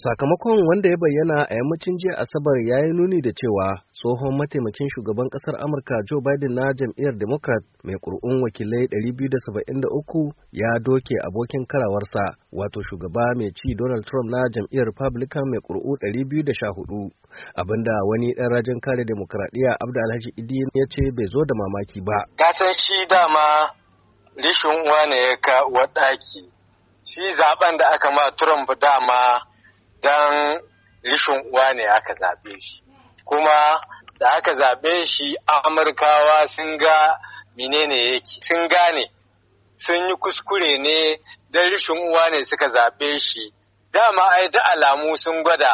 Sakamakon wanda ya bayyana a yammacin jiya Asabar ya yi nuni da cewa tsohon mataimakin shugaban ƙasar Amurka Joe Biden na jam'iyyar Democrat mai kur'un wakilai 273 ya doke abokin karawarsa wato shugaba mai ci Donald Trump na jam'iyyar Republican mai kur'u 214 abinda wani ɗan rajin kare demokradiyya Abda Alhaji Idi ya ce bai zo da mamaki ba. san shi dama rishin uwa ya ka ɗaki. Shi zaben da aka ma Trump dama don rishin uwa ne aka zaɓe shi kuma da aka zaɓe shi amurkawa sun ga menene yake sun gane sun yi kuskure ne don rishin uwa ne suka zaɓe shi dama ai da alamu sun gwada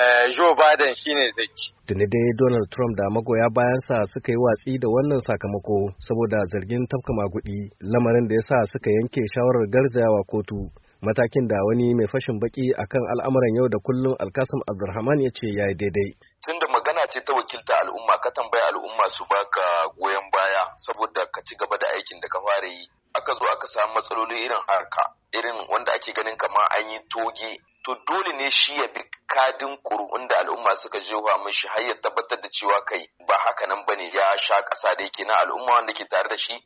eh, Joe Biden shine zai Tuni dai Donald Trump da magoya bayansa suka yi watsi da wannan sakamako saboda zargin tafka maguɗi, lamarin da ya sa suka yanke shawarar garzayawa kotu. matakin da wani mai fashin baki akan al'amuran yau da kullum alkasim abdulrahman ya ce ya yi daidai tunda magana ce ta wakilta al'umma ka tambaya al'umma su baka goyon baya saboda ka ci gaba da aikin da ka fara yi aka zo aka samu matsaloli irin harka irin wanda ake ganin kamar an yi toge to dole ne shi ya bi kadin ƙuri'un da al'umma suka jefa mishi har ya tabbatar da cewa kai ba haka nan bane ya sha ƙasa da yake na al'umma wanda ke tare da shi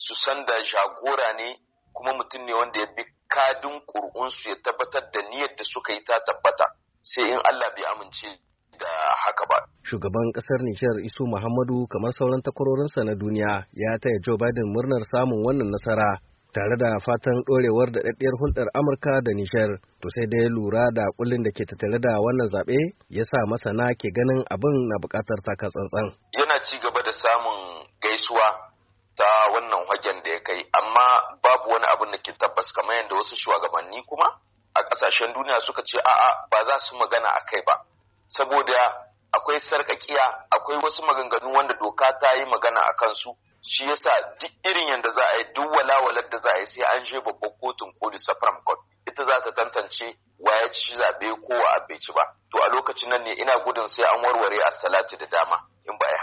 su san da jagora ne kuma mutum ne wanda ya bi kadin ƙur'unsu ya tabbatar da niyyar da suka yi ta tabbata sai in Allah bai amince da haka ba. Shugaban ƙasar Nijar Isu Muhammadu kamar sauran takwarorinsa na duniya ya taya Joe Biden murnar samun wannan nasara tare da fatan ɗorewar da ɗaɗɗiyar hulɗar Amurka da Nijar. To sai dai lura da kullum da ke tattare da wannan zaɓe ya sa masana ke ganin abin na buƙatar taka tsantsan. Yana ci gaba da samun gaisuwa ta wannan hagen da ya kai amma babu wani abin da ke tabbas kamar yadda wasu shugabanni kuma a kasashen duniya suka ce a'a ba za su magana a kai ba saboda akwai sarkakiya akwai wasu maganganu wanda doka ta yi magana a kansu shi yasa duk irin yadda za a yi duk walawalar da za a yi sai an je babban kotun koli supreme court ita za ta tantance ya ci zaɓe ko wa bai ci ba to a lokacin nan ne ina gudun sai an warware assalati da dama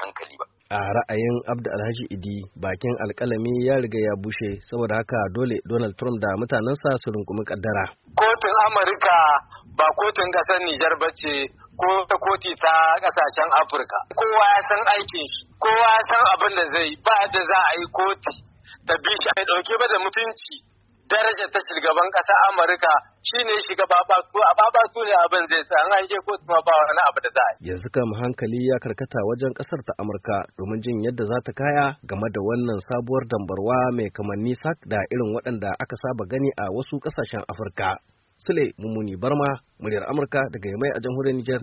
hankali ba. A ra'ayin Abda Alhaji Idi bakin alkalami ya riga ya bushe saboda haka dole Donald Trump da mutanensa su rungumi kaddara. Kotun Amurka ba kotun ƙasar Nijar ba ce ko ta koti ta kasashen Afirka. Kowa ya san aikin shi, kowa ya san abin da zai ba da za a yi koti ta bi shi a ɗauke ba da mutunci. daraja ta shugaban kasa Amurka shine shiga babatu a babatu ne abin zai sa an je ko kuma ba wani abu da za a yanzu kam hankali ya karkata wajen kasar ta Amurka domin jin yadda za ta kaya game da wannan sabuwar dambarwa mai kamanni sak da irin waɗanda aka saba gani a wasu kasashen Afirka Sule Mummuni Barma muryar Amurka daga Yamai a jamhuriyar Nijar